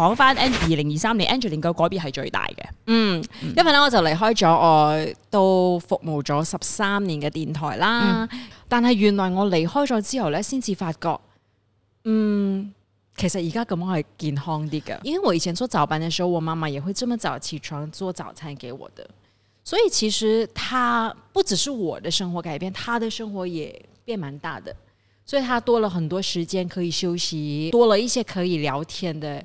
講翻，二零二三年 Angeline 嘅改變係最大嘅。嗯，因為咧我就離開咗我，都服務咗十三年嘅電台啦。嗯、但係原來我離開咗之後咧，先至發覺，嗯，其實而家咁樣係健康啲嘅。因為我以前做早班嘅時候，我媽媽也會這麼早起床做早餐給我的。所以其實他不只是我的生活改變，他的生活也變蠻大嘅。所以他多了很多時間可以休息，多了一些可以聊天的。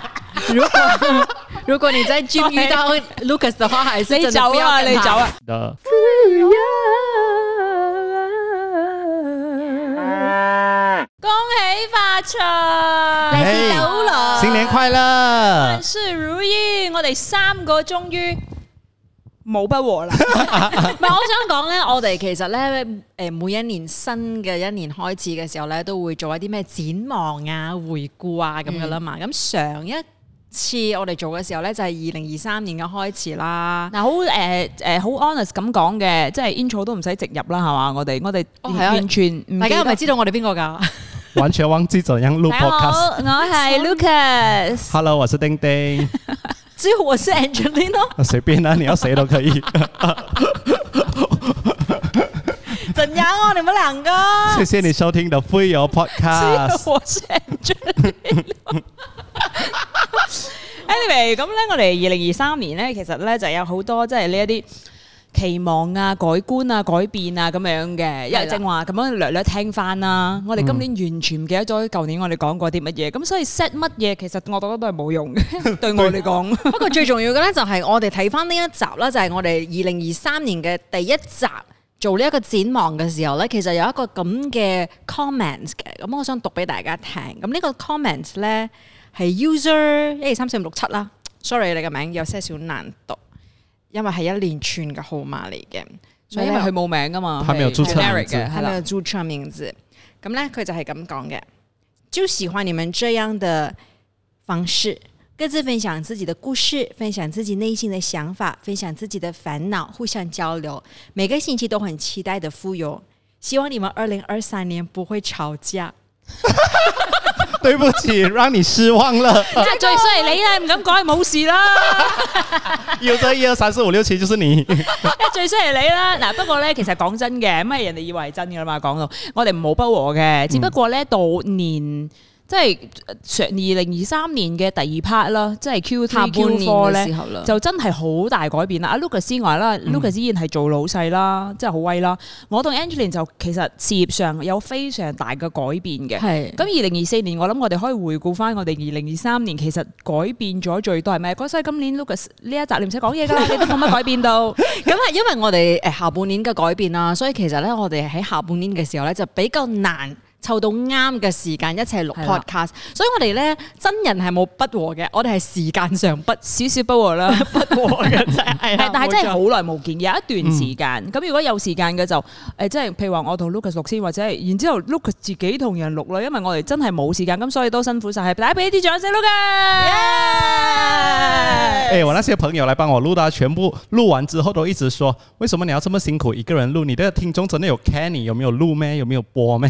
如果如果你真係遇遇到 Lucas 嘅話，還是真係不要跟他。你走啊，恭喜發財，新年好，新年快樂，萬事如意。我哋三個終於冇不和啦。唔係，我想講咧，我哋其實咧，誒，每一年新嘅一年開始嘅時候咧，都會做一啲咩展望啊、回顧啊咁噶啦嘛。咁上一次我哋做嘅時候咧，就係二零二三年嘅開始啦。嗱，好誒誒，好 honest 咁講嘅，即係 intro 都唔使直入啦，係嘛？我哋我哋完全、哦，大家係咪知道我哋邊個噶？完全忘記咗點樣錄。我係 Lucas。Hello，我是丁丁。 只有我是 Angeline 隨便啦、啊，你要誰都可以。怎有我你們兩個？謝謝你收聽 The Fuyoh Podcast 我。我 Anyway，咁咧，我哋二零二三年咧，其實咧就有好多即係呢一啲期望啊、改觀啊、改變啊咁樣嘅。一係的正話咁樣略略聽翻啦。嗯、我哋今年完全唔記得咗舊年我哋講過啲乜嘢，咁所以 set 乜嘢，其實我覺得都係冇用嘅。 對我嚟講了， 不過最重要嘅咧就係我哋睇翻呢一集啦，就係、是、我哋二零二三年嘅第一集做呢一個展望嘅時候咧，其實有一個咁嘅 comments 嘅。咁我想讀俾大家聽。咁呢個 comments 咧。係 user 一二三四五六七啦，sorry 你個名有些少難讀，因為係一連串嘅號碼嚟嘅，所以因為佢冇名噶嘛，佢冇注冊名字，佢冇注冊名字，咁咧佢就係咁講嘅，就喜歡你們這樣的方式，各自分享自己的故事，分享自己內心的想法，分享自己的煩惱，互相交流，每個星期都很期待的富有，希望你們二零二三年不會吵架。 對不起， 讓你失望啦、啊。最衰係你啦，唔 敢講係冇事啦。 有得一二三四五六七，就係你。 啊、最衰係你啦。嗱、啊，不過咧，其實講真嘅，咁係人哋以為係真噶嘛，講到我哋唔好不和嘅，只不過咧到年。嗯即係上二零二三年嘅第二 part 啦，即係 QTQ 科呢，就真係好大改變啦。阿、啊、Lucas 之外啦，Lucas 依然係做老細啦，即係好威啦。我同 Angeline 就其實事業上有非常大嘅改變嘅。係咁，二零二四年我諗我哋可以回顧翻我哋二零二三年，其實改變咗最多係咩？所以今年 Lucas 呢一集你唔使講嘢㗎啦，你都冇乜改變到。咁 係因為我哋誒下半年嘅改變啦，所以其實咧我哋喺下半年嘅時候咧就比較難。湊到啱嘅時間一齊錄 podcast，所以我哋咧真人係冇不和嘅，我哋係時間上不少少不和啦， 不和嘅真係，但係真係好耐冇見、嗯，有一段時間。咁如果有時間嘅就誒，即、呃、係譬如話我同 Lucas 錄先，或者係然之後 Lucas 自己同人錄啦，因為我哋真係冇時間，咁所以都辛苦晒。係，大家俾啲掌聲，Lucas、yes！誒、欸，我那些朋友嚟幫我錄啊，全部錄完之後都一直說：為什麼你要這麼辛苦一個人錄？你嘅聽眾真係有 Kenny 有沒有錄咩？有沒有播咩？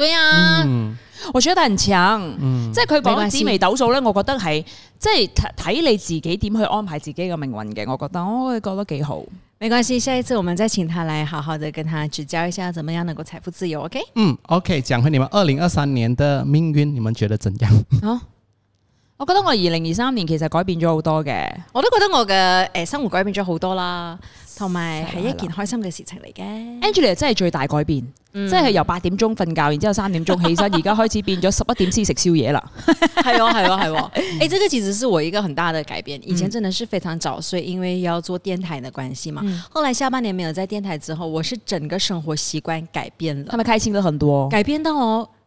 對啊，我覺得很強，即係佢講紫薇斗數咧，我覺得很強、嗯、即他係即係睇睇你自己點去安排自己嘅命運嘅，我覺得我會覺得幾好。沒關係，下一次我們再請他來好好的跟他指教一下，怎麼樣能夠財富自由？OK？嗯，OK。講回你們二零二三年的命運，你們覺得怎樣？哦我覺得我二零二三年其實改變咗好多嘅，我都覺得我嘅誒、呃、生活改變咗好多啦，同埋係一件開心嘅事情嚟嘅。Angeline 真係最大改變，嗯、即係由八點鐘瞓覺，然之後三點鐘起身，而 家開始變咗十一點先食宵夜啦、 啊。係喎係喎係喎，誒、啊啊欸，這個其實是我一個很大的改變。以前真的是非常早睡，所以因為要做電台的關係嘛。嗯、後來下半年沒有在電台之後，我是整個生活習慣改變了，係咪開心了很多，改變到我。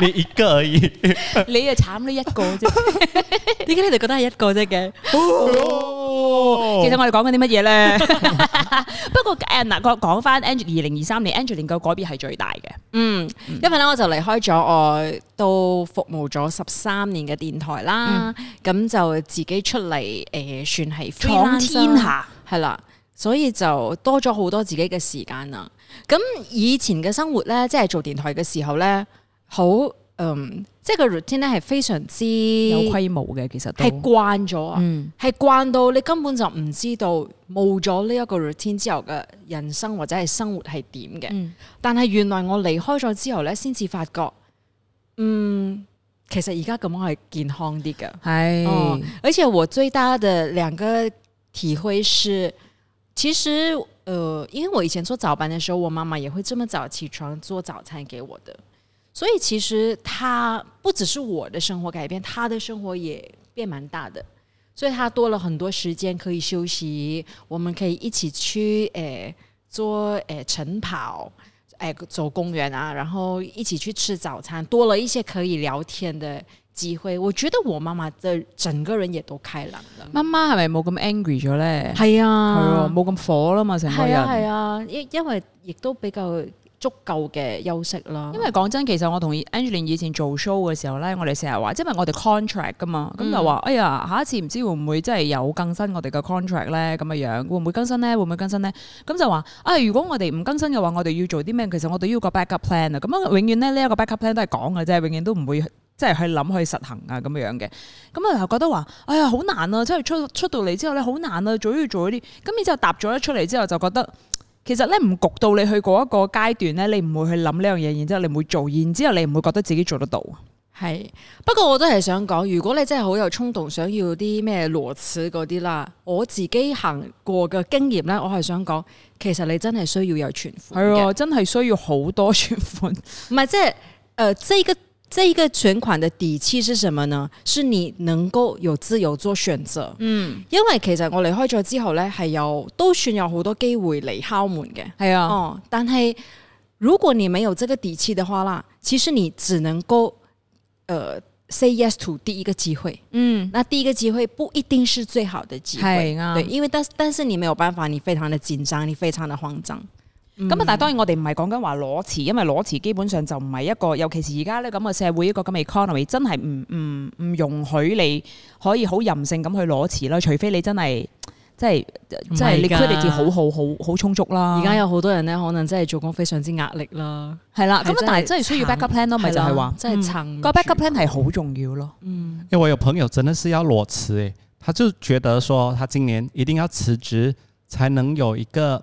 你，以 你一個而已，你啊慘，呢一個啫，點解你哋覺得係一個啫嘅？其實我哋講緊啲乜嘢咧哦、 不過誒，嗱，講講翻 Angeline 二零二三年，Angeline 個改變係最大嘅。嗯，因為咧我就離開咗我，都服務咗十三年嘅電台啦，咁、嗯、就自己出嚟誒、呃，算係闖、啊、天下係啦，所以就多咗好多自己嘅時間啦。咁以前嘅生活咧，即係做電台嘅時候咧好嗯，即、這、係個 routine 咧係非常之有規模嘅，其實都係慣咗，啊、嗯，係慣到你根本就唔知道冇咗呢一個 routine 之後嘅人生或者係生活係點嘅。但係原來我離開咗之後咧，先至發覺，嗯，其實而家咁樣係健康啲嘅，係、嗯。而且我最大嘅兩個體會是，其實，誒、呃，因為我以前做早班嘅時候，我媽媽也會這麼早起床做早餐給我的。所以其實他不只是我的生活改變，他的生活也變蠻大的。所以他多了很多時間可以休息，我們可以一起去誒、哎、做誒、哎、晨跑，誒、哎、走公園啊，然後一起去吃早餐，多了一些可以聊天的機會。我覺得我媽媽的整個人也都開朗了。媽媽係咪冇咁 angry 咗咧？係啊，係啊，冇咁火啦嘛，成個人。係啊，係啊，因因為亦都比較，足夠嘅休息啦，因為講真，其實我同 Angeline 以前做 show 嘅時候咧，我哋成日話，即為我哋 contract 噶嘛，咁就話，哎呀，下一次唔知會唔會即係有更新我哋嘅 contract 咧，咁嘅樣會唔會更新咧？會唔會更新咧？咁就話，啊，如果我哋唔更新嘅話，我哋要做啲咩？其實我哋要個 backup plan 啊，咁樣永遠咧呢一個 backup plan 都係講嘅啫，永遠都唔會即係去諗去實行啊咁樣嘅。咁啊就覺得話，哎呀，好難啊！即係出出到嚟之後咧，好難啊，做要做啲。咁然之後搭咗一出嚟之後，就覺得。其實咧唔焗到你去一個階段咧，你唔會去諗呢樣嘢，然之後你唔會做，然之後你唔會覺得自己做得到。係，不過我都係想講，如果你真係好有衝動，想要啲咩裸辭嗰啲啦，我自己行過嘅經驗咧，我係想講，其實你真係需要有存款嘅。係啊，真係需要好多存款。唔係即係，誒、呃，即係嘅這一個存款的底氣是什麼呢？是你能夠有自由做選擇。嗯，因為其實我離開咗之後呢，係有都選有好多機會嚟敲門嘅。係啊，哦，嗯、但係如果你沒有這個底氣的話啦，其實你只能夠，呃，say yes to 第一個機會。嗯，那第一個機會不一定是最好的機會。嗯、對，因為但是但是你沒有辦法，你非常的緊張，你非常的慌張。咁、嗯、啊，但係當然我哋唔係講緊話裸辭，因為裸辭基本上就唔係一個，尤其是而家咧咁嘅社會一個咁嘅 economy，真係唔唔唔容許你可以好任性咁去裸辭啦。除非你真係即係即係你 credit 好好好好充足啦。而家有好多人咧，可能真係做工非常之壓力啦。係啦，咁但係真係需要 backup plan 咯，咪就係話即係撐個 backup plan 係好重要咯。嗯，因為我有朋友真的是要裸辭，他就覺得說，他今年一定要辭職才能有一個。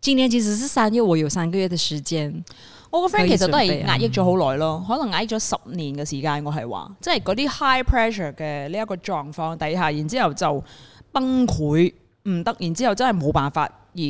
今年其實係三月，我有三個月嘅時間。我個 friend 其實都係壓抑咗好耐咯、嗯，可能壓抑咗十年嘅時間。我係話，即係嗰啲 high pressure 嘅呢一個狀況底下，然之後就崩潰唔得，然之後真係冇辦法而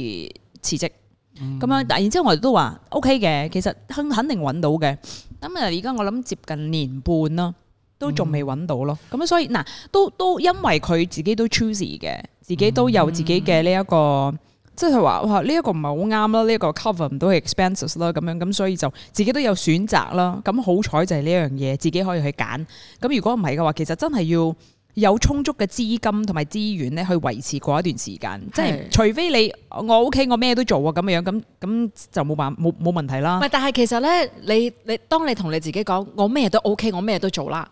辭職。咁、嗯、樣，但然之後我哋都話 OK 嘅，其實肯定搵到嘅。咁啊，而家我諗接近年半啦，都仲未搵到咯。咁、嗯、所以嗱，都都因為佢自己都 choose 嘅，自己都有自己嘅呢一個。嗯即係話哇，呢一個唔係好啱啦，呢一個 cover 唔到 expenses 啦，咁樣咁所以就自己都有選擇啦。咁好彩就係呢樣嘢自己可以去揀。咁如果唔係嘅話，其實真係要有充足嘅資金同埋資源咧，去維持過一段時間。即係除非你我 OK，我咩都做啊咁嘅樣，咁咁就冇辦冇冇問題啦。但係其實咧，你你當你同你自己講，我咩都 OK，我咩都做啦。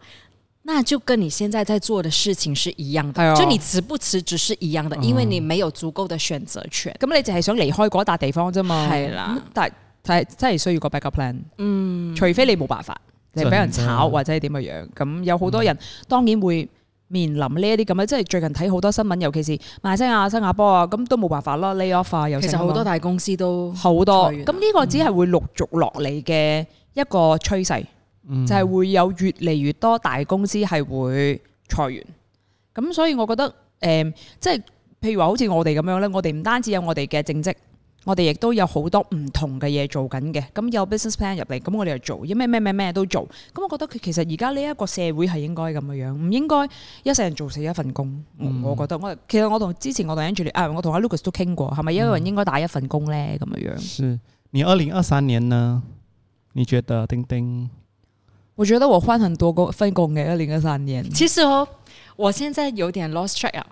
那就跟你現在在做的事情是一樣的，啊、就你辭不辭職是一樣的、嗯，因為你沒有足夠的選擇權。咁你就係想離開嗰笪地方啫嘛。係啦，嗯、但係真係需要個 backup plan。嗯，除非你冇辦法，嗯、你俾人炒或者係點嘅樣。咁有好多人當然會面臨呢一啲咁樣，即、嗯、係最近睇好多新聞，尤其是馬來西亞、新加坡啊，咁都冇辦法啦，lay off 啊，又。其實好多大公司都好多。咁呢個只係會陸續落嚟嘅一個趨勢。嗯嗯、就係、是、會有越嚟越多大公司係會裁員，咁所以我覺得誒、呃，即係譬如話，好似我哋咁樣咧，我哋唔單止有我哋嘅正職，我哋亦都有好多唔同嘅嘢做緊嘅。咁有 business plan 入嚟，咁我哋又做，依咩咩咩咩都做。咁我覺得其實而家呢一個社會係應該咁嘅樣，唔應該一世人做死一份工，嗯。我覺得我其實我同之前我同 Angeline 啊，我同阿 Lucas 都傾過，係咪一個人應該打一份工咧？咁、嗯、嘅樣。你二零二三年呢？你覺得叮叮。我覺得我換很多工份工嘅，二零二三年。其實哦，我現在有點 lost track 啊，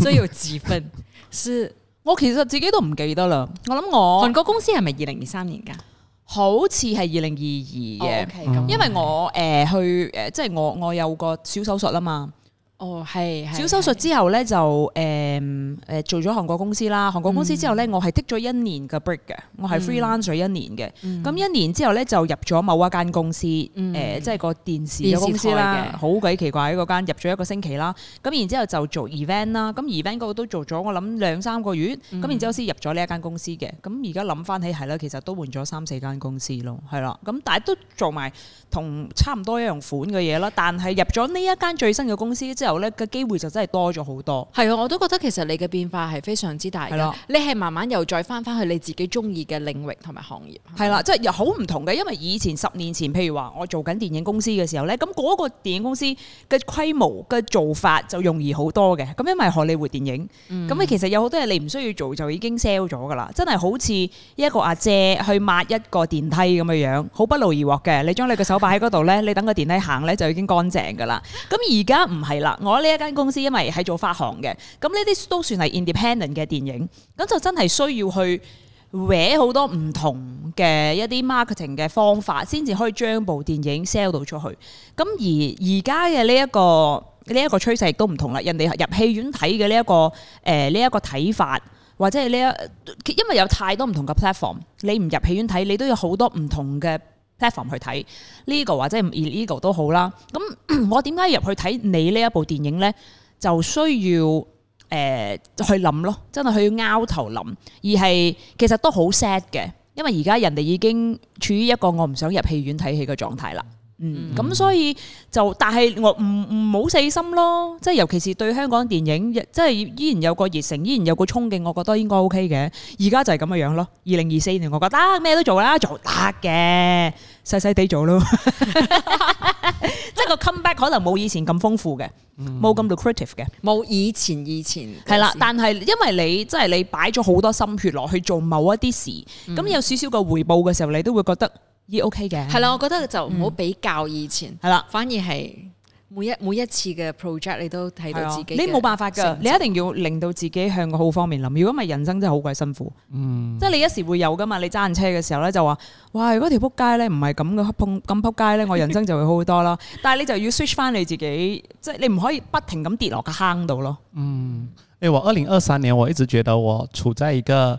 最有幾份 是，我其實自己都唔記得了，我諗我韓國公司係咪二零二三年噶？好似是二零二二年，因為我、呃、去、呃、即我,我有個小手術啦嘛。哦，係，小手術之後咧就誒、嗯、做咗韓國公司啦。韓國公司之後咧、嗯，我係剔咗一年嘅 break 嘅，我係 freelancer 一年嘅。咁一年之後咧就入咗某一間公司，誒、嗯呃、即係個電視公司啦，好鬼奇怪嗰間。入咗一個星期啦，咁然之後就做 event 啦。咁 event 嗰個都做咗我諗兩三個月。咁然之後先入咗呢一間公司嘅。咁而家諗翻起係啦，其實都換咗三四間公司咯，係啦。咁但係都做埋，同差唔多一樣款嘅嘢啦，但係入咗呢一間最新嘅公司之後呢，個機會就真係多咗好多。係啊，我都覺得其實你嘅變化係非常之大嘅。是的。你係慢慢又再翻翻去你自己中意嘅領域同埋行業。係啦，即係好唔同嘅，因為以前十年前，譬如話我做緊電影公司嘅時候呢，咁嗰個電影公司嘅規模嘅做法就容易好多嘅。咁因為是荷里活電影，咁、嗯、其實有好多嘢你唔需要做就已經 sell 咗㗎啦。真係好似一個阿姐去抹一個電梯咁嘅樣，好不勞而獲嘅。你將你個手。擺喺嗰度咧，你等個電梯行咧就已經乾淨噶啦。咁而家唔係啦，我呢一間公司因為係做發行嘅，咁呢啲都算係 independent 嘅電影，咁就真係需要去揾好多唔同嘅一啲 marketing 嘅方法，先至可以將部電影 sell 到出去。咁而而家嘅呢一個呢一個趨勢亦都唔同啦，人哋入戲院睇嘅呢一個誒呢一個睇法，或者係呢一，因為有太多唔同嘅 platform，你唔入戲院睇，你都有好多唔同嘅 Platform 去睇呢，這個或者而呢個都好啦。咁我點解入去睇你呢一部電影呢？就需要誒、呃、去諗咯，真係去拗頭諗。而係其實都好 sad 嘅，因為而家人哋已經處於一個我唔想入戲院睇戲嘅狀態啦。嗯、咁、嗯、所以就但係我唔唔好死心咯，即係尤其是對香港電影，即係依然有個熱誠，依然有個衝勁，我覺得應該 OK 嘅。而家就係咁嘅樣咯。二零二四年我覺得咩、啊、都做啦，做得嘅。細細地做咯， 即 係個是 comeback 可能冇以前咁豐富嘅，冇、嗯、咁 lucrative 嘅，冇以前以前係啦。但係因為你即係、就是、你擺咗好多心血落去做某一啲事，咁、嗯、有少少個回報嘅時候，你都會覺得咦 OK 嘅。係啦，我覺得就唔好比較以前係啦、嗯，反而係。每一每一次嘅 project 你都睇到自己的、啊，你冇辦法噶，你一定要令到自己向個好方面諗。如果唔係，人生真係好鬼辛苦。嗯，即係你一時會有噶嘛？你揸緊車嘅時候咧，就話，哇！如果條扑街咧唔係咁嘅，碰咁扑街咧，我人生就會好好多咯。 但係你就要 switch 翻你自己，即係你唔可以不停咁跌落個坑度咯。嗯，誒，我二零二三年我一直覺得我處在一個。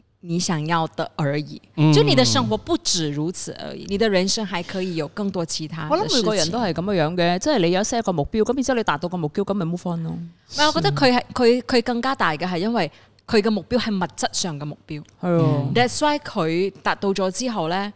你想要的而已、嗯，就你的生活不止如此而已，你的人生還可以有更多其他。我諗每個人都係咁樣嘅，即 係你有設一些個目標，咁然之後你達到個目標，咁咪冇方咯。係我覺得佢係佢佢更加大嘅係因為佢嘅目標係物質上嘅目標。係啊、哦、，that's why 佢達到咗之後咧。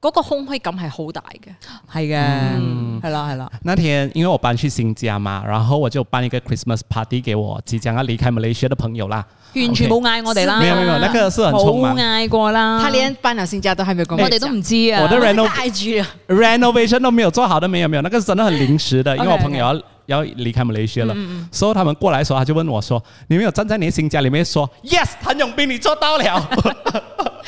嗰、那個空虛感係好大嘅，係嘅，係啦係啦。那天因為我搬去新家嘛，然後我就辦一個 Christmas party 給我即將要離開馬來西亞的朋友啦，完全冇、okay、嗌我哋啦。沒有沒有，那個是很匆忙，冇嗌過啦。他連搬入新家都係咪講？我哋都唔知道啊。我的 renovate 住啊，renovation 都沒有做好的，都沒有沒有，那個是真的很臨時的，因為我朋友要要離開馬來西亞了。Okay, okay. 所以他們過來的時候，他就問我說，說你有站在你的新家裏面說，說 yes，譚永斌你做到了。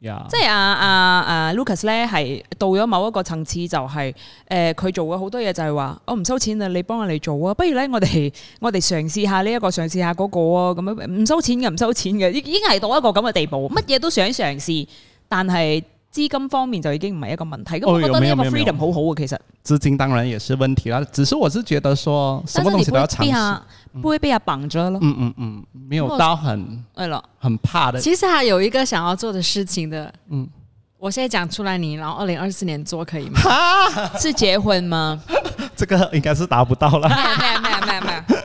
Yeah. 即係阿阿阿 Lucas 咧，係到咗某一個層次、就是，呃、就係、是、誒，佢做嘅好多嘢就係話，我唔收錢啊，你幫我哋做啊，不如咧我哋我哋嘗試下呢、這、一個，嘗試下嗰個啊，咁樣唔收錢嘅，唔收錢嘅，已經係到一個咁嘅地步，乜嘢都想嘗試，但係，資金方面就已經唔係一個問題，咁我覺得呢個 freedom 好好啊，其實資金當然也是問題啦，只是我是覺得說，什麼東西都要嘗試，不會被他綁着、嗯、咯。嗯嗯嗯，嗯，沒有到很，對了很怕的。其實佢有一個想要做的事情的，嗯，我現在講出來你，你諗二零二四年做可以嗎？是結婚嗎？ 這個應該是達不到了。 沒有，沒有冇有冇有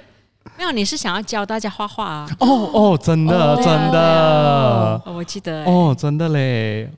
沒有，你是想要教大家畫畫、啊？哦哦，真的真的，我記得，哦，真的嘞。哦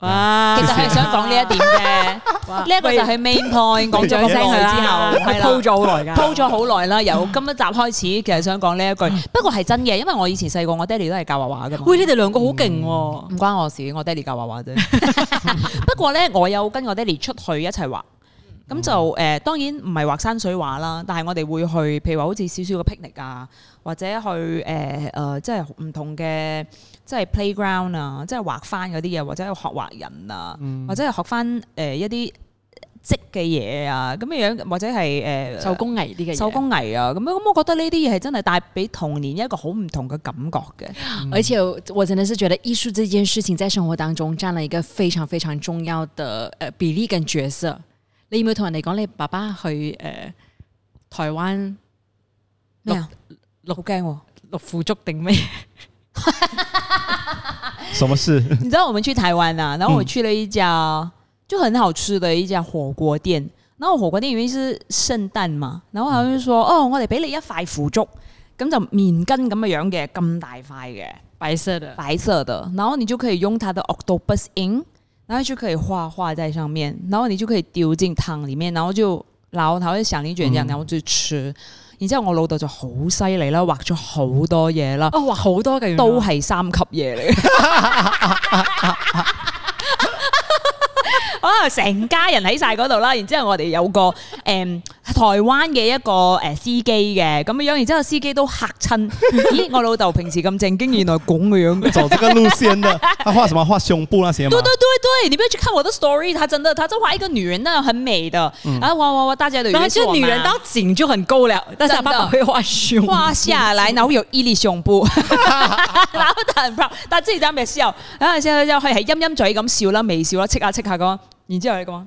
哇！其實係想講呢一點嘅，呢一個就係 main point。講咗個山水之後，鋪咗好耐，鋪咗好耐啦。由今一集開始，其實想講呢一句。嗯、不過係真嘅，因為我以前細個，我爹哋都係教畫畫噶。喂，你哋兩個好勁，唔、嗯、關我事。我爹哋教畫畫啫。 不過咧，我有跟我爹哋出去一齊畫，咁就誒、呃，當然唔係畫山水畫啦。但係我哋會去，譬如話好似少少嘅 picnic 啊，或者去誒誒、呃呃，即係唔同嘅。即係 playground 啊，即係畫翻嗰啲嘢，或者係學畫人啊、嗯、學啊，或者係學翻誒一啲積嘅嘢啊，咁樣樣，或者係誒手工藝啲嘅手工藝啊，咁咁，我覺得呢啲嘢係真係帶俾童年一個好唔同嘅感覺嘅、嗯。而且我真係是覺得藝術呢件事情在生活當中佔了一個非常非常重要的誒比例跟角色。你有冇同人哋講你爸爸去誒、呃、台灣六六驚六腐竹定咩？哈， 什麼事？你知道我們去台灣呐、啊，然後我去了一家就很好吃的一家火鍋店。然後火鍋店因為是聖誕嘛，然後他們說、嗯、哦，我得俾你一塊腐竹，咁就麵筋咁嘅樣嘅，咁大塊嘅白色的白色的，然後你就可以用它的 octopus ink，然後你就可以畫畫在上面，然後你就可以丟進湯裏面，然後就。嗱，我睇嗰啲年住人有住住，然之後我老豆就好犀利啦，畫咗好多嘢啦、嗯啊，畫好多嘅都係三級嘢嚟。 啊、哦！成家人喺晒嗰度啦，然之後我哋有個誒、嗯、台灣嘅一個司機嘅咁樣，然之後司機都嚇親， 咦，我老豆平時咁正經，原來咁樣 走呢個路線嘅，他畫什麼畫胸部那些，對，對，對，你不要去看我的 story，他真的，他就畫一個女人，呢，很美的，啊哇哇哇，大家都，反正女人到頸就很高了，但係爸爸會畫胸，畫下來，然後有一粒胸部， 但係之前啱啱嘅時候，啊之之後佢係陰陰嘴咁笑啦，微笑啦，戚下戚下咁。然之後佢講，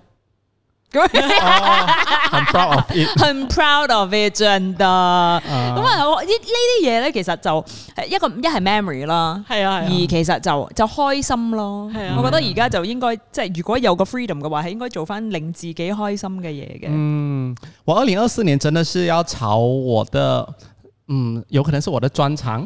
咁 ，m、oh, I'm proud of it，I'm proud of it 真的。咁啊，呢呢啲嘢咧，其實就一個一係 memory 啦，係啊，而其實就就開心咯，係啊，我覺得而家就應該即係如果有個 freedom 嘅話，係應該做翻令自己開心嘅嘢嘅。嗯，我二零二四年真的是要炒我的，嗯，有可能是我的專長。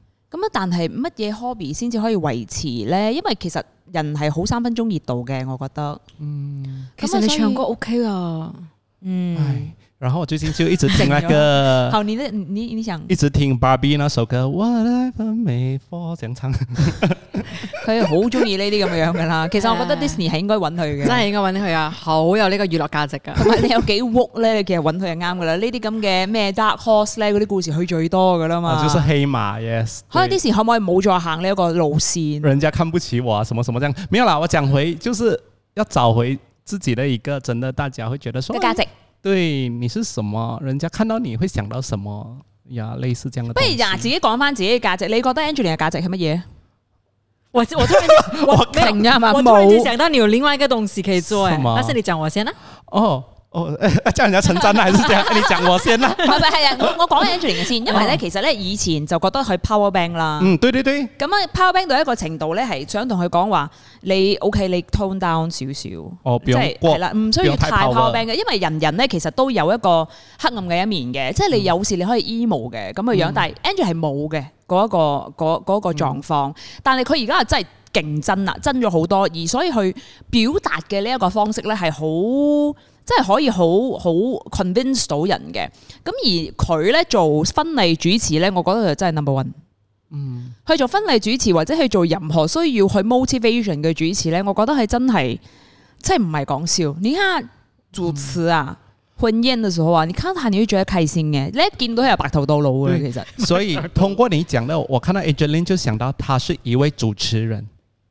咁但係乜嘢 hobby 先至可以維持呢？因為其實人係好三分鐘熱度嘅，我覺得。嗯，其實你唱歌 OK 啊。嗯。係。然後我最近就一直聽那個，好，你的你你想，一直聽 Barbie 那首歌 What I'm Made For，想唱，佢好中意呢啲咁樣噶啦。其實我覺得 Disney 係、呃、應該搵佢嘅，真係應該搵佢啊，好有呢個娛樂價值噶。同埋你有幾 work 咧，你其實搵佢係啱噶啦。呢啲咁嘅咩 Dark Horse 咧，嗰啲故事佢最多噶啦嘛、啊。就是黑馬，Yes。可能 Disney 可唔可以冇再行呢一個路線？人家看不起我，啊，什麼什麼這樣，沒有啦。我講回，就是要找回自己的一個，真的大家會覺得說。對你是什麼，人家看到你會想到什麼呀？Yeah, 類似這樣嘅。不如呀，自己講翻自己嘅價值。你覺得 Angeline 嘅價值係乜嘢？我我突然 我冇，我突然間想到你有另外一個東西可以做，哎，還是你講我先啦、啊。哦、oh.。哦，誒、欸，即係人家陳真啦，還 你講我先啦。唔係唔係，係啊，我我講 Angeline 先，因為咧，哦、其實咧以前就覺得佢 power bank 啦。嗯，對對對。咁啊，power bank 到一個程度咧，係想同佢講話，你 OK，你 tone down 少少。即、哦、係、就是、啦，唔需要太 power bank 嘅，因為人人咧其實都有一個黑暗嘅一面嘅，嗯、即係你有時你可以 emo 嘅咁嘅樣,樣，嗯、但係 Angeline 係冇嘅嗰一個嗰嗰一個狀況，嗯、但係佢而家係真係。競爭啦，爭咗好多，而所以佢表達嘅呢一個方式咧，係好即係可以好好 convince 到人嘅。咁而佢咧做婚禮主持咧，我覺得就真係 number one。嗯，去做婚禮主持或者去做任何需要去 motivation 嘅主持咧，我覺得係真係真係唔係講笑。你睇下，主持啊，嗯、婚宴嘅時候啊，你睇下你都覺得開心嘅，你一見到係白頭到老嘅其實。所以 通過你講到，我看到 Angeline 就想到，他是一位主持人。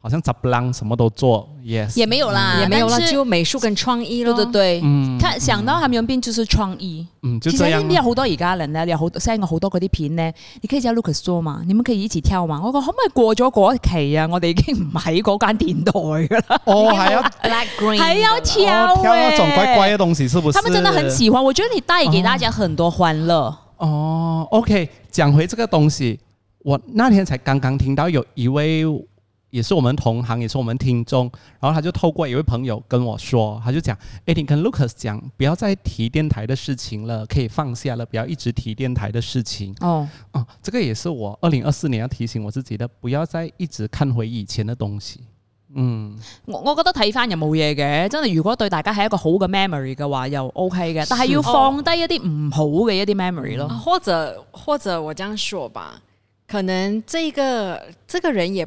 好像雜不啷，什麼都做，也、yes，也沒有啦、嗯，也沒有啦，就美術跟創意咯對對，對、哦，嗯，睇想到他哋用邊就是創意，嗯，就這啊、其實真有好多而家人咧，有好多 send 我好多嗰啲片呢。你可以叫 Lucas 做嘛，你哋可以一起跳嘛，我講可唔可以過咗嗰期啊？我哋已經唔喺嗰間電台啦，哦， 哦，還要， 還要跳、哦，跳嗰種怪怪嘅東西，是不是？他們真的很喜歡，我覺得你帶給大家很多歡樂。哦，哦，OK，講回這個東西，我那天才剛剛聽到有一位。也是我們同行，也是我們聽眾。然後他就透過一位朋友跟我說，他就講：“哎、欸，你跟 Lucas 講，不要再提電台的事情了，可以放下了，不要一直提電台的事情。哦”哦、啊、哦，這個也是我二零二四年要提醒我自己的，不要再一直看回以前的東西。嗯，我我覺得睇翻又冇嘢嘅，真係如果對大家係一個好嘅 memory 嘅話，又 OK 嘅。但係要放低一啲唔好嘅一啲 memory 咯。哦、或者或者我這樣說吧，可能這個這個人也。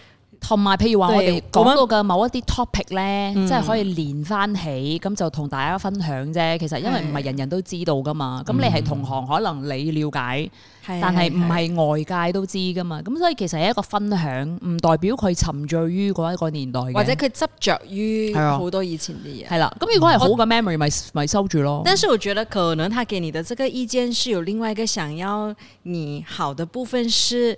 同埋，譬如話我哋講到嘅某一啲 topic 咧、嗯，即係可以連翻起，咁就同大家分享啫。其實因為唔係人人都知道噶嘛，咁、嗯、你係同行，可能你了解，嗯、但係唔係外界都知噶嘛。咁所以其實係一個分享，唔代表佢沉醉於嗰一個年代，或者佢執着於好多以前啲嘢。係啦，咁如果係好嘅 memory，咪咪收住咯。但是，我覺得可能他給你的這個意見是有另外一個想要你好的部分是。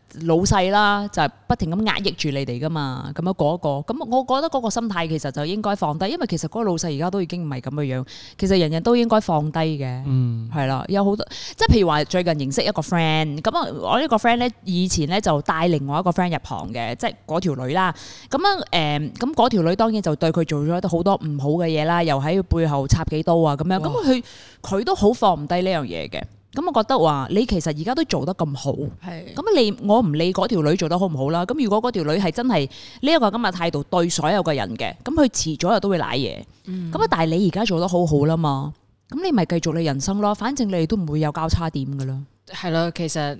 老細啦，就係不停咁壓抑住你哋噶嘛，咁樣嗰個，咁我覺得嗰個心態其實就應該放低，因為其實嗰個老細而家都已經唔係咁嘅樣，其實人人都應該放低嘅，係、嗯、啦，有好多即係譬如話最近認識一個 friend，咁啊，我呢個 friend 咧以前咧就帶另外一個 friend 入行嘅，即係嗰條女啦，咁樣誒，咁嗰條女當然就對佢做咗好多唔好嘅嘢啦，又喺背後插幾刀啊咁樣，咁佢佢都好放唔低呢樣嘢嘅。咁我覺得話，你其實而家都做得咁好，咁你我唔理嗰條女做得好唔好啦。咁如果嗰條女係真係呢一個咁嘅態度對所有嘅人嘅，咁佢遲早又都會舐嘢。咁啊，但係你而家做得好好啦嘛，咁你咪繼續你人生咯。反正你都唔會有交叉點嘅啦。係啦，其實。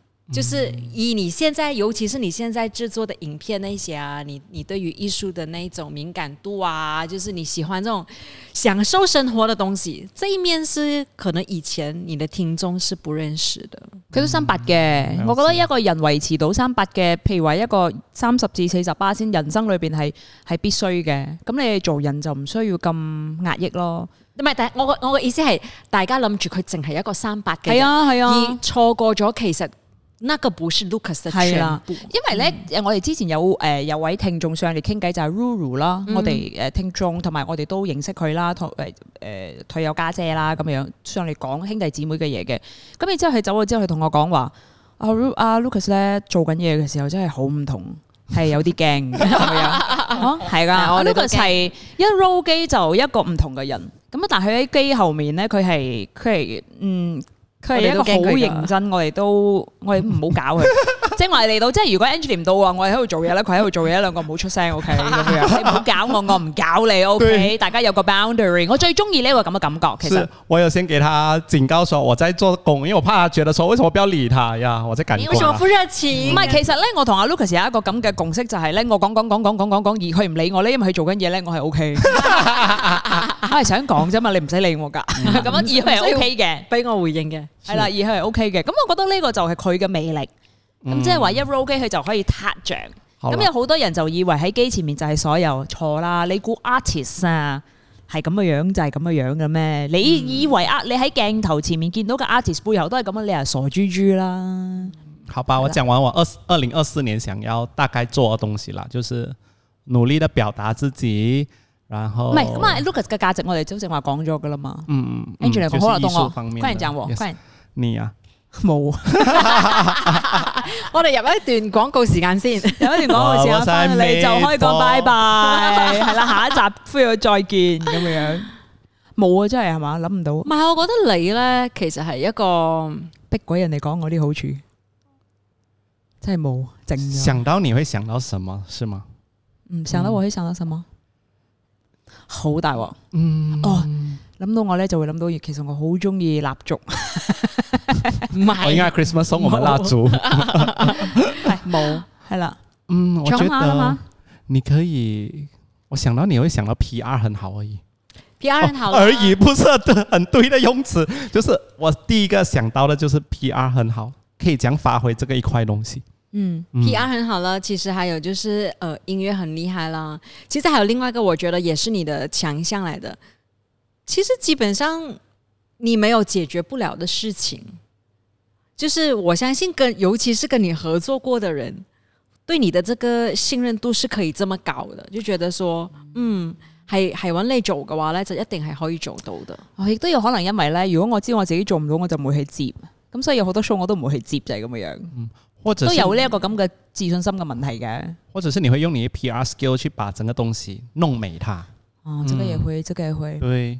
就是以你現在，尤其是你現在製作的影片那些啊，你你對於藝術的那種敏感度啊，就是你喜歡這種享受生活的東西，這一面是可能以前你的聽眾是不認識的。佢、嗯、都三八嘅，我覺得一個人維持到三八嘅，譬如話一個三十至四十巴仙，人生裏邊係係必須嘅。咁你做人就唔需要咁壓抑咯。唔係，但係我我嘅意思係，大家諗住佢淨係一個三八嘅人，係啊，係啊，而錯過咗其實。嗱、那個布是 Lucas 的部是啊，啦，因為咧誒，嗯、我哋之前有誒有位聽眾上嚟傾偈就係、是、Ruru 啦、嗯，我哋誒聽眾同埋我哋都認識佢啦，同誒誒退休家姐啦咁樣上嚟講兄弟姊妹嘅嘢嘅，咁然之後佢走咗之後，佢同我講話啊啊 Lucas 咧做緊嘢嘅時候真係好唔同，係有啲驚嘅啊，樣嚇，係、啊、啦，我哋都驚，因、啊、係一 row 機就一個唔同嘅人，咁啊但係喺機後面咧，佢係佢係嗯。佢係一個好認真，我哋都我哋唔好搞佢。即係我哋嚟到，即係如果 Angie 唔到嘅話，我哋喺度做嘢咧，佢喺度做嘢一兩個唔好出聲，O K。你唔好搞我，我唔搞你，O K。大家有個 boundary，我最中意呢個咁嘅感覺。其實我有先給他警告，說我在做工，因為我怕佢覺得說，為什麼我不要理他呀？或者感覺。我再解釋一次。唔係，其實咧，我同阿 Lucas 有一個咁嘅共識，就係咧，我講講講講講講講，而佢唔理我咧，因為佢做緊嘢咧，我係 O K。我係想講啫嘛，你唔使理我噶。咁樣而佢係 O K 嘅，俾我回應嘅。係啦，而佢係 OK 嘅，咁、OK、我覺得呢個就係佢嘅魅力。咁、嗯、即係話一 roll 機佢就可以撻着。咁有好多人就以為喺機前面就係所有錯啦。你估 artist 啊係咁嘅樣，的樣就係咁嘅樣嘅咩，嗯？你以為啊，你喺鏡頭前面見到嘅 artist 背後都係咁啊？你係傻豬豬啦？好吧，我講完我二二零二四年想要大概做嘅東西啦，就是努力的表達自己。然後唔係咁啊，Lucas 嘅價值我哋正話講咗噶啦嘛。嗯嗯，Angela 好啦，同、就、學、是，歡迎張你啊冇，沒 我哋入一段廣告時間先， 入一段廣告時間你嚟就開個 拜拜，係 啦，下一集 Fuyoh 再見，咁樣樣。冇啊真係係嘛，諗唔到。唔係，我覺得你咧其實係一個逼鬼人哋講我啲好處，真係冇正。想到你會想到什麼是嗎？嗯，想到我會想到什麼？嗯、好大鑊，嗯哦。Oh, 諗到我咧，就會諗到，其實我好中意蠟燭，唔 係、oh, no. 我應該係 Christmas 送我唔係蠟燭，冇係啦，嗯，我覺得你可以，我想到你會想到 PR 很好而已，PR 很、哦、好而已，不是很對的用詞，就是我第一個想到的，就是 PR 很好，可以講發揮這個一塊東西，嗯，嗯，PR 很好啦，其實還有就是，呃，音樂很厲害啦，其實還有另外一個，我覺得也是你的強項來的。其實基本上，你沒有解決不了的事情。就是我相信跟尤其是跟你合作過的人，對你的這個信任度是可以這麼高的，就覺得說，嗯，係搵你做嘅話呢，就一定係可以做到的。哦，亦都有可能，因為呢，如果我知我自己做唔到，我就唔會去接。咁所以有好多數我都唔會去接就係咁嘅樣。嗯，都有呢一個咁嘅自信心嘅問題嘅。或者是你會用你嘅 PR skill 去把整個東西弄美它，嗯、它。哦，這個也會，這個也會。對。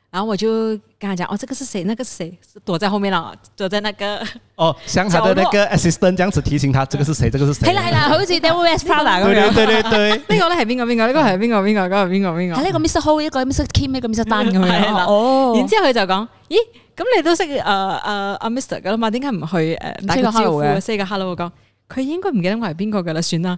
然後我就跟他講，哦，這個是誰？那個是誰？是躲在後面咯，躲在那個哦，想草的那個 assistant，這樣子提醒他、嗯，這個是誰？這個是誰？嚟啦嚟啦，好似 Devil Wears Prada 咁樣，對對對，呢個咧係邊個邊個？呢個係邊個邊個？嗰個邊個邊個？係呢 個 Mr. Ho，一個 Mr. Kim，一個 Mr. Dan 咁樣哦，然之後佢就講，咦，咁你都識誒誒阿 Mr. 噶啦嘛？點解唔去誒打個招呼，say 個，啊，個 hello 講？佢應該唔記得我係邊個噶啦，算啦。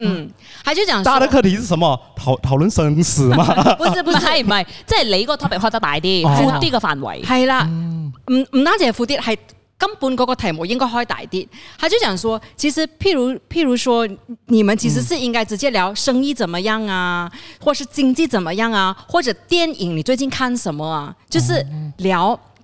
嗯，他就講說，大的課題是什麼？討討論生死嘛 ？不是，唔係唔係，即係你個 topic 開得大啲，闊啲個範圍、哦嗯嗯、係啦。唔唔單止闊啲，係根本嗰個題目應該開大啲。他就講說，其實譬如譬如說，你們其實是應該直接聊生意怎麼樣啊，嗯、或是經濟怎麼樣啊，或者電影，你最近看什麼啊？就是聊。嗯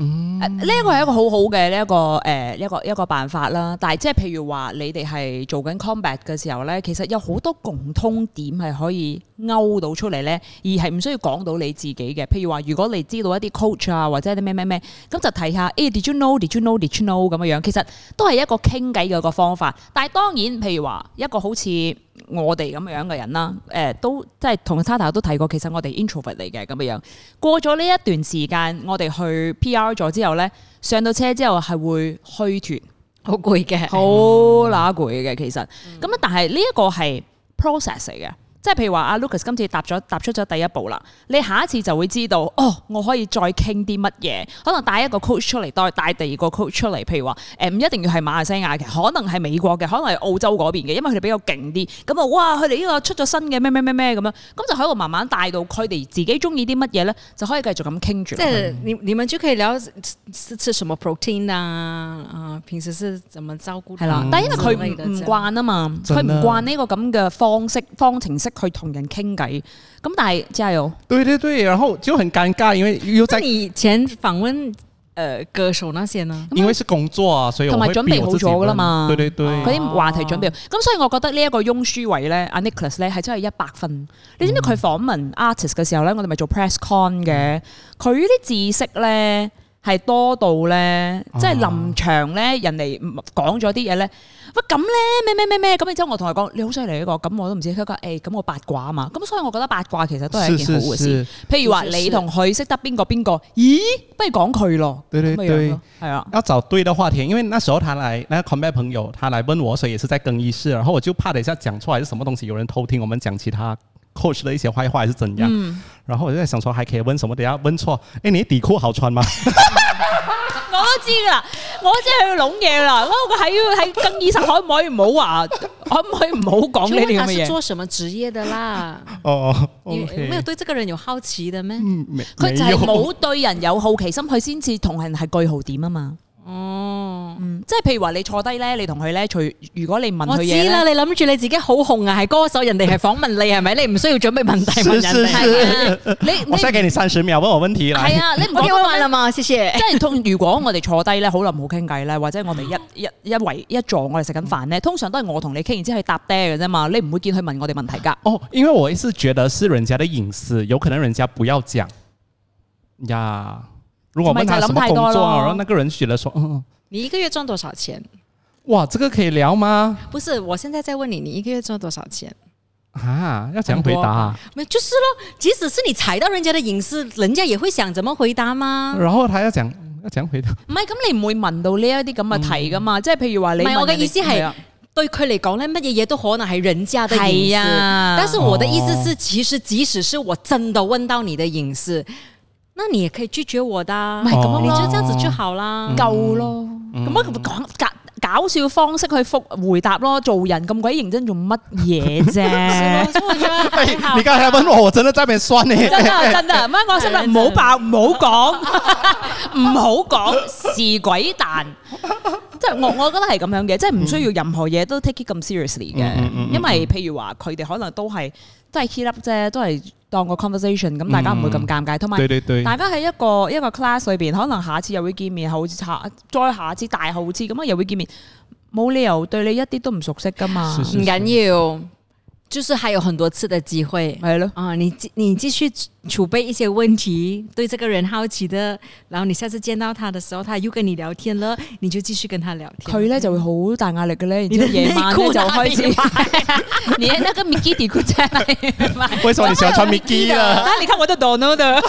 嗯、呢一個係一個好好嘅呢一個誒一個一個辦法啦，但係即係譬如話你哋係做緊 combat 嘅時候咧，其實有好多共通點係可以勾到出嚟咧，而係唔需要講到你自己嘅。譬如話，如果你知道一啲 coach 啊或者啲咩咩咩，咁就提下、hey, did you know did you know did you know 咁樣樣，其實都係一個傾偈嘅一個方法。但係當然，譬如話一個好似。我哋咁樣嘅人啦，誒、呃、都即係同沙大都提過，其實我哋 introvert 嚟嘅咁樣。過咗呢一段時間，我哋去 PR 咗之後咧，上到車之後係會虛脫，好攰嘅，好乸攰嘅其實。咁啊，但係呢一個係 process 嚟嘅。即係譬如話阿 Lucas 今次踏咗踏出咗第一步啦，你下一次就會知道哦，我可以再傾啲乜嘢？可能帶一個 coach 出嚟，再帶，帶第二個 coach 出嚟。譬如話誒，唔一定要係馬來西亞嘅，可能係美國嘅，可能係澳洲嗰邊嘅，因為佢哋比較勁啲。咁啊，哇！佢哋呢個出咗新嘅咩咩咩咩咁樣，咁就喺度慢慢帶到佢哋自己中意啲乜嘢咧，就可以繼續咁傾住。即係你你問朱 K 你有食什麼 protein 啊？啊平時食什麼週菇？係、嗯、啦，但因為佢唔慣啊嘛，佢唔慣呢個咁嘅方式方程式。即係佢同人傾偈，咁但係，加油！對對對，然後就很尷尬，因為又在你以前訪問誒、呃、歌手那些啦。因為是工作啊，所以同埋準備好咗噶啦嘛。對對對，嗰啲話題準備好。咁、哦、所以我覺得這呢一個庸書偉咧，阿 Nicholas 咧係真係一百分。你知唔知佢訪問 Artist 嘅時候咧，我哋咪做 press con 嘅，佢啲知識咧。係多到咧、啊，即係臨場咧，人哋講咗啲嘢咧，喂咁咧咩咩咩咩咁，之後我同佢講你好犀利呢個，咁我都唔知佢講誒，咁、欸、我八卦嘛，咁所以我覺得八卦其實都係一件好事是是是。譬如話你同佢識得邊個邊個，咦，不如講佢咯。對對對，係啊。要找對嘅話題，因為那時候他來，那個 common 朋友，他來問我時也是在更衣室，然後我就怕等一下講出來是什麼東西，有人偷聽我們講其他 coach 的一些壞話，還是怎樣。嗯然後我在想說，還可以問什麼？等下問錯，誒、欸，你的底褲好穿嗎？ 我都知啦，我真係要諗嘢啦，我我係喺喺更衣室可唔可以唔好話，可唔可以唔好講呢啲咁嘅嘢？請問他是做什麼職業的啦？哦，okay、你有沒有對這個人有好奇的咩？佢、嗯、就係冇對人有好奇心，佢先至同人係句號點啊嘛。哦，即係譬如話你坐低咧，你同佢咧，除如果你問佢知啦，你諗住你自己好紅啊，係歌手，人哋係訪問你係咪？你唔需要準備問題問人哋。你我再俾你三十秒問我問題啦。係啊，你唔講話啦嘛，謝謝。即係如果我哋坐低咧，好耐冇傾偈咧，或者我哋一一一圍一坐，我哋食緊飯咧，通常都係我同你傾，然之後去搭爹嘅啫嘛，你唔會見佢問我哋問題噶。哦，因為我是覺得係人家嘅隱私，有可能人家不要講呀。如果問他什麼工作，然後那個人選了說：“嗯，你一個月賺多少錢？”哇，這個可以聊嗎？不是，我現在在問你，你一個月賺多少錢啊？要怎樣回答，啊？沒、嗯，就是嘍。即使是你踩到人家的隱私，人家也會想怎麼回答嗎？然後他要講要怎樣回答。沒，咁你唔會問到呢一啲咁嘅題噶嘛？即係譬如話你，我嘅意思係、嗯、對佢嚟講咧，乜嘢嘢都可能係人家嘅隱私。但是我的意思是，其、哦、實即使是我真的問到你的隱私。嗱你亦可以拒絕我噶、啊，咪咁咯，哦、你咁樣子就出好啦，夠、嗯、咯。咁、嗯、樣佢講搞笑方式去覆回答咯，做人咁鬼認真做乜嘢啫？你剛才問我， 我真的在邊酸你、欸？真的真的， 我心諗唔好爆，唔好講，唔好講是鬼蛋。即 係我我覺得係咁樣嘅，即係唔需要任何嘢都 take it 咁、so、seriously 嘅、嗯嗯，因為譬如話佢哋可能都係。都係 keep up 啫，都係當個 conversation，咁大家唔會咁尷尬，同、嗯、埋大家喺一個一個 class 裏邊，可能下次又會見面，好似再下次大好次，咁啊又會見面，冇理由對你一啲都唔熟悉噶嘛，唔緊要，就是係有很多次嘅機會，係咯，啊，你你儲備一些問題，對這個人好奇的，然後你下次見到他的時候，他又跟你聊天了，你就繼續跟他聊天。佢咧就會好大壓力嘅咧， 你嘅眼啊，你嘅腳開始。你嘅那個 Mickey 底褲在咪？為什麼你喜歡穿 Mickey 啊？那 你看我都的 Donald，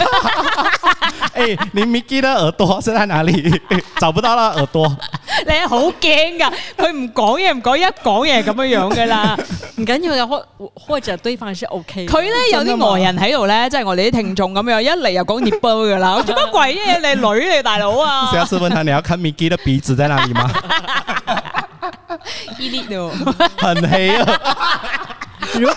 哎、你 Mickey 嘅耳朵是在哪裏？哎、找不到了耳朵。 你好驚噶，佢唔講嘢，唔講一講嘢咁樣樣噶啦，唔緊要嘅，又或者對方係 OK。佢咧有啲外人喺度咧，即係我哋。你啲聽眾咁樣一嚟又講熱播噶啦，做乜鬼嘢？你女你大佬啊！上次問他你要看 Mickey 的鼻子在哪裏嗎？伊力牛，很黑啊！如果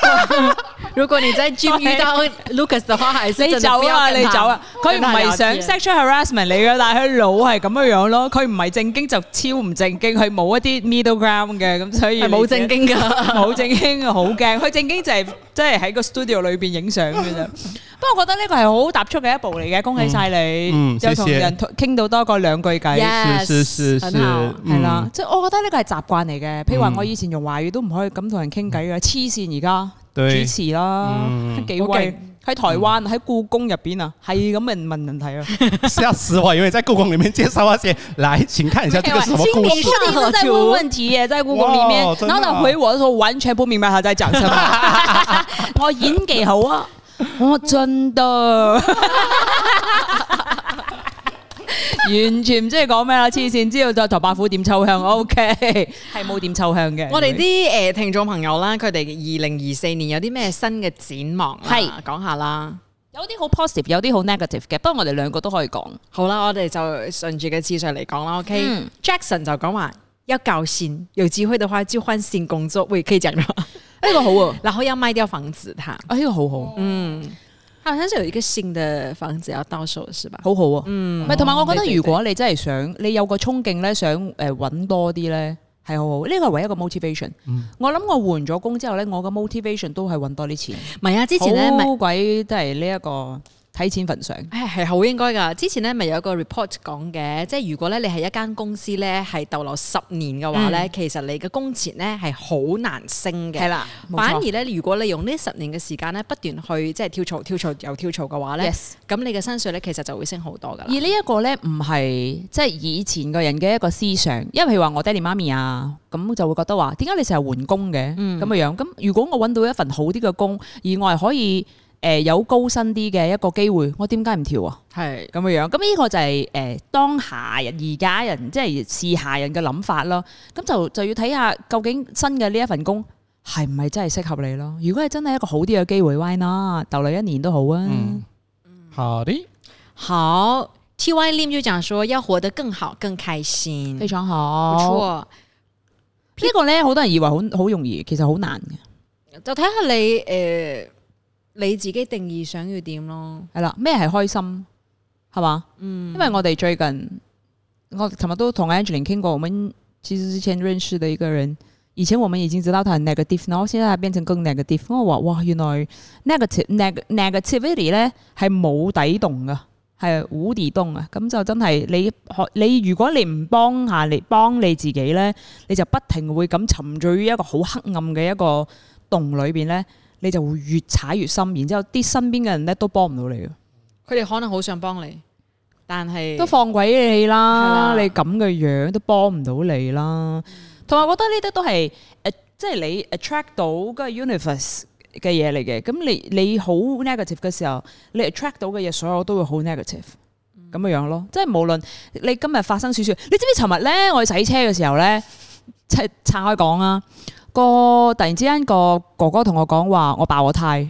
如果你在 gym 遇到 Lucas 的話，還是真的不要跟他走啊！佢唔係想 sexual harassment 你嘅，但係佢腦係咁樣樣咯，佢唔係正經就超唔正經，佢冇一啲 middle ground 嘅，咁所以冇正經噶，冇正經，好驚佢正經就係。即係喺個 studio 裏邊影相嘅啫，不過我覺得呢個係好踏出嘅一步嚟嘅，恭喜晒你，就、嗯、同、嗯、人傾到多過兩句偈，係、yes，啦，即、no，係、嗯、我覺得呢個係習慣嚟嘅。譬如話我以前用華語都唔可以咁同人傾偈嘅，黐線而家主持啦，幾、嗯、威！很喺台灣喺故宮入邊啊，係咁問問題啊。笑死我！原來在故宮裏面介紹嗰些，來，請看一下這個是什麼故事。清明上河在問問題耶， 在故宮裏面，然後佢回我嘅時候，完全不明白他在講什麼。 我演技好啊！我真的。 完全唔知係講咩啦，黐線知道就唐伯虎點秋香？O K，係冇點秋香嘅。 我哋啲誒聽眾朋友啦，佢哋二零二四年有啲咩新嘅展望啦，講下啦。有啲好 positive，有啲好 negative 嘅。不過我哋兩個都可以講。好啦，我哋就順住嘅次序嚟講啦。O、OK? K，Jackson、嗯、就講話、嗯、要高薪，有機會嘅話就換新工作，我 k 可以講咯。呢 個好嗱、啊，可以要賣啲房子，哈。 啊，呢、這個好好。嗯。係，真係有一個新的房子要到手，是吧？好好啊，嗯，咪，同埋，我覺得如果你真係想對對對，你有個衝勁咧，想誒搵多啲咧，係好好。呢、這個係唯一一個 motivation。嗯、我諗我換咗工之後咧，我嘅 motivation 都係搵多啲錢。唔係啊，之前咧魔鬼都係呢一、就是這個。睇錢份上，誒係好應該噶。之前咧咪有個 report 講嘅，即係如果咧你係一間公司咧係逗留十年嘅話咧，嗯、其實你嘅工錢咧係好難升嘅。係啦，反而咧如果你用呢十年嘅時間咧不斷去即係跳槽、跳槽又跳槽嘅話咧，咁、yes、你嘅薪水咧其實就會升好多噶。而呢一個咧唔係即係以前個人嘅一個思想，因為譬如話我爹哋媽咪啊，咁就會覺得話點解你成日換工嘅咁嘅樣？咁如果我揾到一份好啲嘅工，而我係可以。誒、呃，有高薪啲嘅一個機會，我點解唔跳啊？係咁嘅樣，咁呢個就係、是、誒、呃、當下人而家人即係時下人嘅諗法咯。咁就就要睇下究竟新嘅呢一份工係唔係真係適合你咯？如果係真係一個好啲嘅機會，why not 逗留一年都好啊？嗯，好啲好。T Y Lim 就講說要活得更好、更開心，非常好，不錯、這個、呢個咧，好多人以為好好容易，其實好難嘅，就睇下你誒。呃你自己定義想要點咯對了？係啦，咩係開心？係嘛？嗯。因為我哋最近，我琴日都同 Angeline 傾過。咁其實之前認識的一個人，以前我們已經知道他 negative，然後現在變成更 negative。我話，哇哇，you know 原來 negative，negative，negativity 咧係冇底洞噶，係無底洞啊！咁就真係你學你，你如果你唔幫下你幫你自己咧，你就不停會咁沉醉於一個好黑暗嘅一個洞裏邊咧。你就會越踩越深，然之後啲身邊嘅人咧都幫唔到你，佢哋可能好想幫你，但係都放棄你啦，你咁嘅樣，的樣子都幫唔到你啦。同埋我覺得呢啲都係誒，即、就、係、是、你 attract 到嗰個 universe 嘅嘢嚟嘅。咁你你好 negative 嘅時候，你 attract 到嘅嘢，所有都會好 negative 咁、嗯、嘅樣咯。即係無論你今日發生少少，你知唔知？尋日咧，我洗車嘅時候咧，拆拆開講啊。個突然之間，個哥哥同我講話，我爆咗胎，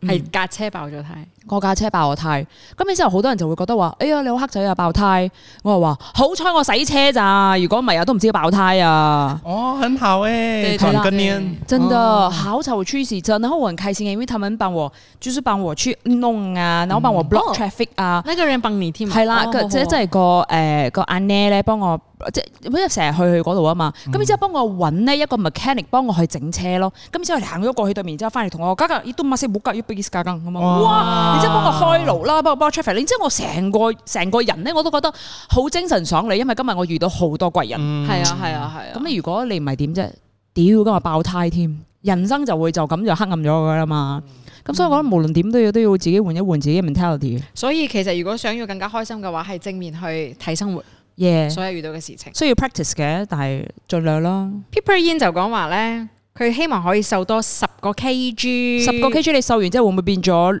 係、嗯、架車爆咗胎。個架車爆個胎，咁然之後好多人就會覺得話：哎呀，你好黑仔啊！爆胎，我話話好彩我洗車咋，如果唔係啊，都唔知爆胎啊。哦，很好誒，強更堅，真的好彩，我去洗車，然後我很開心，因為他們幫我，就是幫我去弄啊，然後幫我 block traffic 啊，呢個 Rain Bunny 添，係啦，即即係個誒個 Anne 咧幫我，即好似成日去去嗰度啊嘛，咁然之後幫我揾咧一個 mechanic 幫我去整車咯，咁然之後行咗過去對面，之後翻嚟同我，今日亦都冇乜事，冇急要 business 架咁啊，哇！即係嗰個開顱啦，包括包括 traveling。即係我成個成個人咧，我都覺得好精神爽利。因為今日我遇到好多貴人，係啊係啊係啊。咁你、啊啊、如果你唔係點啫，屌咁啊爆胎添，人生就會就咁就黑暗咗噶啦嘛。咁、嗯、所以我覺得無論點都要都要自己換一換自己嘅 mentality。所以其實如果想要更加開心嘅話，係正面去睇生活 yeah，所有遇到嘅事情。需要 practice 嘅，但係盡量咯。Pipper Yin 就講話咧，佢希望可以瘦多十個 kg。十個 kg 你瘦完之後會唔會變咗？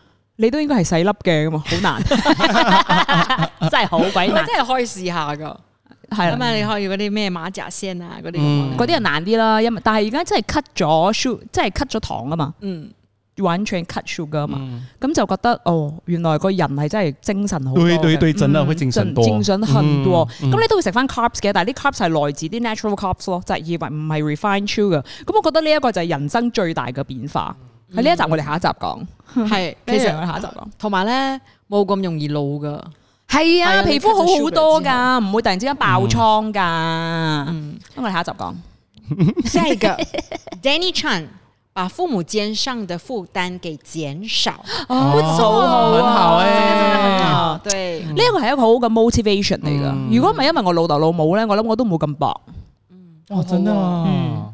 你都應該係細粒嘅咁啊，好難， 真係好鬼難。我真係可以試下噶，係啦。咁啊，你可以嗰啲咩馬甲線啊，嗰啲，嗰啲就難啲啦。因為但係而家真係 cut 咗 sugar cut 咗糖啊嘛、嗯。完全 cut sugar 啊嘛。咁、嗯嗯、就覺得哦，原來個人係真係精神好。對對對，真係會精神多、嗯，精神很多。咁、嗯嗯、你都會食翻 carbs 嘅，但係啲 carbs 係來自啲 natural carbs 咯，就係以為唔係 refined sugar。咁我覺得呢一個就係人生最大嘅變化。嗯。喺呢一集，我哋下一集講，係，非常我下一集講，同埋咧冇咁容易老噶，係啊，皮膚好好多噶，唔、嗯、會突然之間爆瘡噶，嗯，咁我哋下一集講，下、這、一個 Danny Chan 把父母肩上嘅負擔給減少，哇、哦，好、哦哦、好啊，真的真的好嗯、對，呢一個係一個好嘅 motivation 嚟噶、嗯，如果唔係因為我老豆老母咧，我諗我都冇咁搏，嗯，哇、哦，真的啊。嗯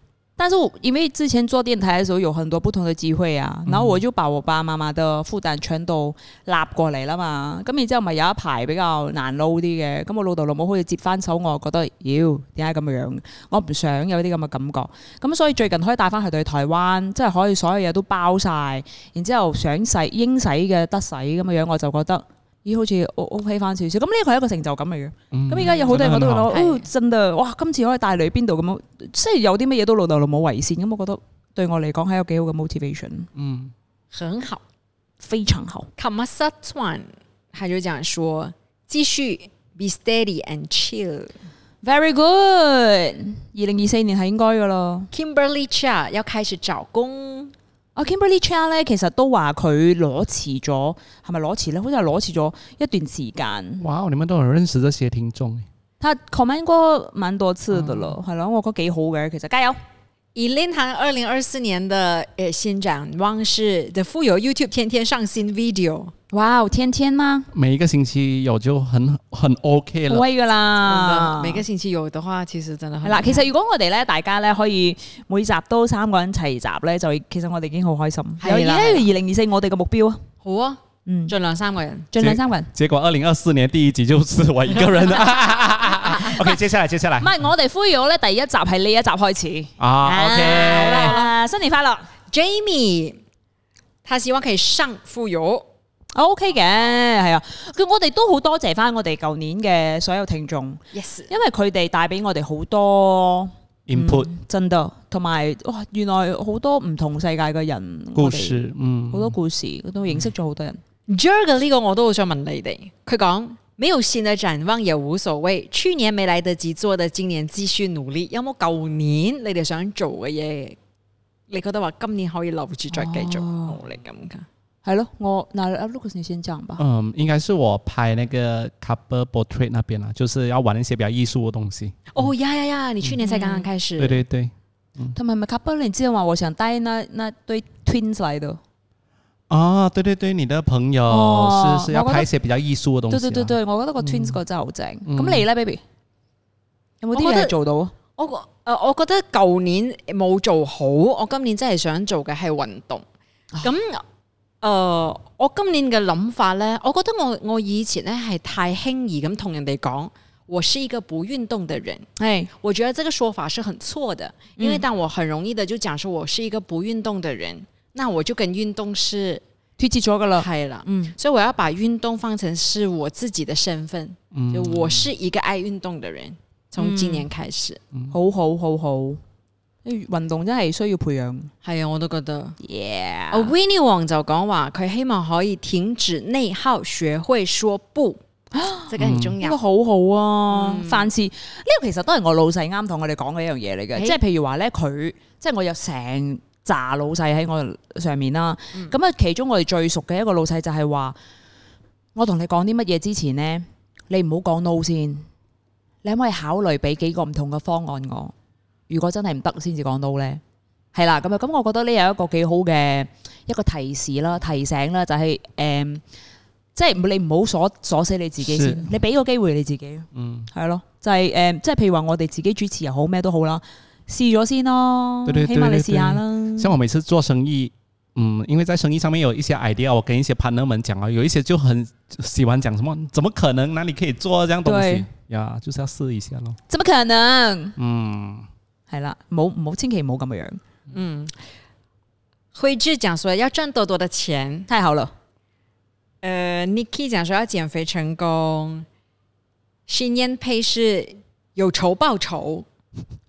但是我因為之前做電台嘅時候，有很多不同嘅機會啊，然後我就把我爸媽媽的負擔全都拉過嚟啦嘛。咁然之後咪有一排比較難撈啲嘅，咁我老豆老母可以接翻手，我又覺得，妖點解咁樣？我唔想有啲咁嘅感覺。咁所以最近可以帶翻佢哋去台灣，即係可以所有嘢都包晒，然之後想使應使嘅得使咁嘅樣，我就覺得。咦、OK，好似 O O K 翻少少，咁呢個係一個成就感嚟嘅。咁而家有好多人都話、嗯，哦，真嘅，哇，今次可以帶你去邊度咁咯，即係有啲乜嘢都老豆老母維持，咁我覺得對我嚟講係一個幾好嘅 motivation。嗯，很好，非常好。Come on, set one，係就講說，繼續 be steady and chill。Very good。二零二四年係應該嘅咯。Kimberly Chia 要開始找工。阿 Kimberly Chan 咧，其實都話佢裸辭咗，係咪裸辭咧？好似係裸辭咗一段時間。哇、哦！你們都很認識這些聽眾。他 comment 過蠻多次的咯，係、嗯、咯，我覺得幾好嘅，其實加油。以 link 翻二零二四年的誒新展望是 The Fuyoh YouTube 天天上新 video。哇、wow！天天嗎？每一個星期有就很很 OK 啦，可以噶啦。每一個星期有的話，其實真的係嗱。其實如果我哋咧，大家咧可以每集都三個人齊集咧，就其實我哋已經好開心。係啦，二零二四我哋嘅目標啊，好啊，嗯，儘量三個人，儘、嗯、量三個人。結果二零二四年第一集就是我一個人啦。 OK， 接下來，接下來，唔、嗯、係 我哋富友咧，第一集係呢一集開始。啊，OK，好啦、啊，新年快樂，Jamie，他希望可以上富友。OK 嘅，係啊，佢我哋都好多謝翻我哋舊年嘅所有聽眾，Yes. 因為佢哋帶俾我哋好多 input，真多，同埋、嗯、哇，原來好多唔同世界嘅人故事，嗯，好多故事，都認識咗好多人。j e r g e 呢個我都好想問你哋，佢講沒有新嘅展望也無所謂，去年沒來得及做的，今年繼續努力，有冇舊年你哋想做嘅嘢，你覺得話今年可以留住再繼續努力咁噶？Oh. 係咯，我嗱，阿 Lucas 你先講吧。嗯，應該是我拍那個 couple portrait 那邊啦，就是要玩一些比較藝術嘅東西。哦，呀呀呀，你去年才剛剛開始。嗯、對對對，同埋咪 couple 你之前話，我想帶那那對 twins 嚟的。哦，對對對，你的朋友，哦，是是要拍一些比較藝術嘅東西，啊。對對對，對我覺得個 twins 個真係好正。咁，嗯，你咧，baby，有冇啲嘢做到？我誒、呃，我覺得舊年冇做好，我今年真係想做嘅係運動。咁，啊。誒、呃，我今年嘅諗法呢，我覺得我我以前呢係太輕易咁同人哋講，我是一個不運動的人。係，我覺得這個說法是很錯的，嗯、因為當我很容易的就講說我是一個不運動的人，嗯、那我就跟運動是脫節咗㗎喇。嗯，所以我要把運動放成是我自己的身份、嗯，就我是一個愛運動的人。從今年開始，嗯嗯、好，好，好，好，好，好。運動真係需要培養，係啊，我都覺得。阿 Winnie 王就講話佢希望可以停止內耗，學會說不，即係咁重要。呢、這個好、嗯這個、好啊，嗯、凡事呢個其實都係我老細啱同我哋講嘅一樣嘢嚟嘅，即係譬如話咧，佢即係我有成扎老細喺我上面啦，咁、嗯、啊，其中我哋最熟嘅一個老細就係話，我同你講啲乜嘢之前呢，你唔好講 no 先，你可唔可以考慮俾幾個唔同嘅方案我？如果真係唔得先至講到咧，係啦咁啊，咁我覺得呢有一個幾好嘅一個提示啦、提醒啦，就係、是、誒、嗯，即係你唔好鎖鎖死你自己先，你俾個機會你自己，嗯，係咯。就係、是、誒、嗯，即係譬如話我哋自己主持又好咩都好啦，試咗先咯，對對對對對，起碼你試下啦。像我每次做生意，嗯，因為在生意上面有一些 idea，我跟一些 partner 們講啊，有一些就很喜歡講什麼，怎麼可能？哪裡可以做這樣東西呀？Yeah, 就是要試一下咯。怎麼可能？嗯。係啦，冇冇千祈冇咁嘅樣。嗯，灰志講說要賺多多的錢，太好了。呃 Niki 講說要減肥成功，新燕配飾有仇報仇。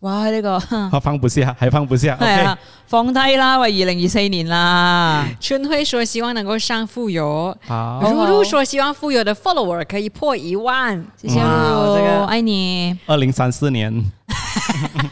哇，呢、這個，放不下，還放不下。係啊，放低啦，喂，二零二四年啦。春輝說希望能夠上富友，如如說希望富友的 follower 可以破一萬。謝謝如如、嗯這個，愛你。二零三四年。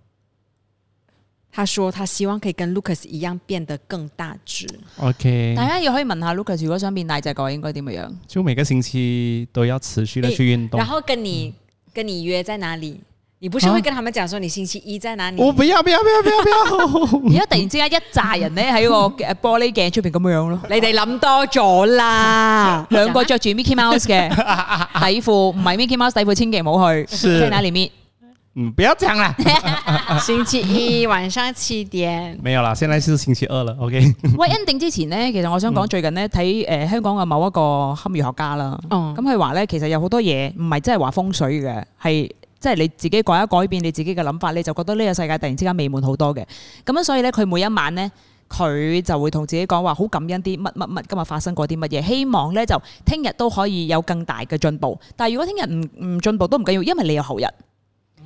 他說，他希望可以跟 Lucas 一樣變得更大隻。OK，大家也可以問下 Lucas，如果想變大隻嘅，應該點樣？就每個星期都要持續的去運動、欸。然後跟你、嗯，跟你約在哪裡？你不是會跟他們講說你星期一在哪裡、啊？我不要，不要，不要，不要，不要！而家突然之間一紮人呢，喺個玻璃鏡出邊咁樣咯。 你哋諗多咗啦，兩 個着住 Mickey Mouse 嘅底褲，唔 係不是 Mickey Mouse 底褲，千祈唔好去。是。哪裡面。唔、嗯，不要講啦。 星期一晚上七點，沒有啦，現在是星期二了，OK。喂，Ending 之前呢，其實我想講，最近呢，睇誒香港嘅某一個堪輿學家啦。咁佢話呢，其實有好多嘢唔係真係話風水嘅，係即係你自己改一改變你自己嘅諗法，你就覺得呢個世界突然之間美滿好多嘅。咁樣所以呢，佢每一晚呢，佢就會同自己講話，好感恩啲乜乜乜，今日發生過啲乜嘢，希望呢就聽日都可以有更大嘅進步。但係如果聽日唔唔進步都唔緊要，因為你有後日。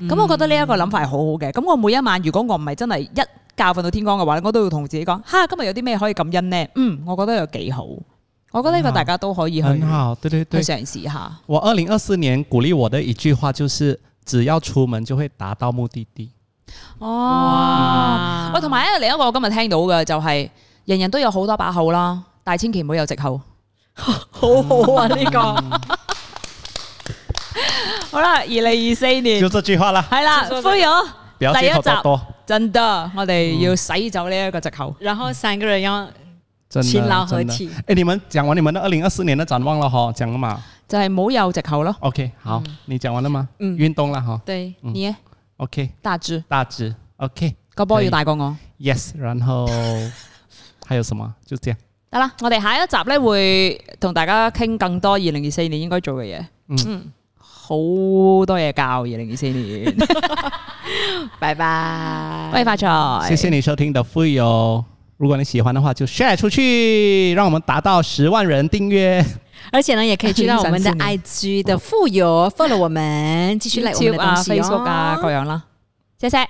咁、嗯、我覺得呢一個諗法係好好嘅。咁我每一晚如果我唔係真係一覺瞓到天光嘅話，我都要同自己講，哈，今日有啲咩可以感恩呢？嗯，我覺得有幾好。我覺得呢個大家都可以去，對對對去嘗試下。我二零二四年鼓勵我的一句話就是：只要出門就會達到目的地。哦，同埋另一個我今日聽到嘅就係、是：人人都有好多把口啦，但千祈唔好有藉口。 好，好好啊，呢、嗯這個。 好啦，二零二四年就這句話啦，係啦，灰咗第一集，真的，我哋要洗走呢一個藉口、嗯，然後三個人要勤勞和錢。誒、欸，你們講完你們的二零二四年的展望啦，嗬，講啦嘛，就係、是、冇有藉口咯。OK，好，嗯、你講完了嗎？嗯，運動啦，嗬，對你、嗯、，OK，大致，大致 OK 個波要大過我。Yes 然後 還有什麼？就這樣。得啦，我哋下一集咧會同大家傾更多二零二四年應該做嘅嘢。嗯。嗯。好多嘢教 bye bye，二零二四年，拜拜，恭喜發財！謝謝你收聽 The Fuyoh、哦。如果你喜歡的話就 share 出去，讓我們達到十萬人訂閱，而且呢也可以知道我們的 IG the Fuyoh。 我的的富 follow 我們，寄出嚟啊，Facebook 啊各樣啦，謝謝。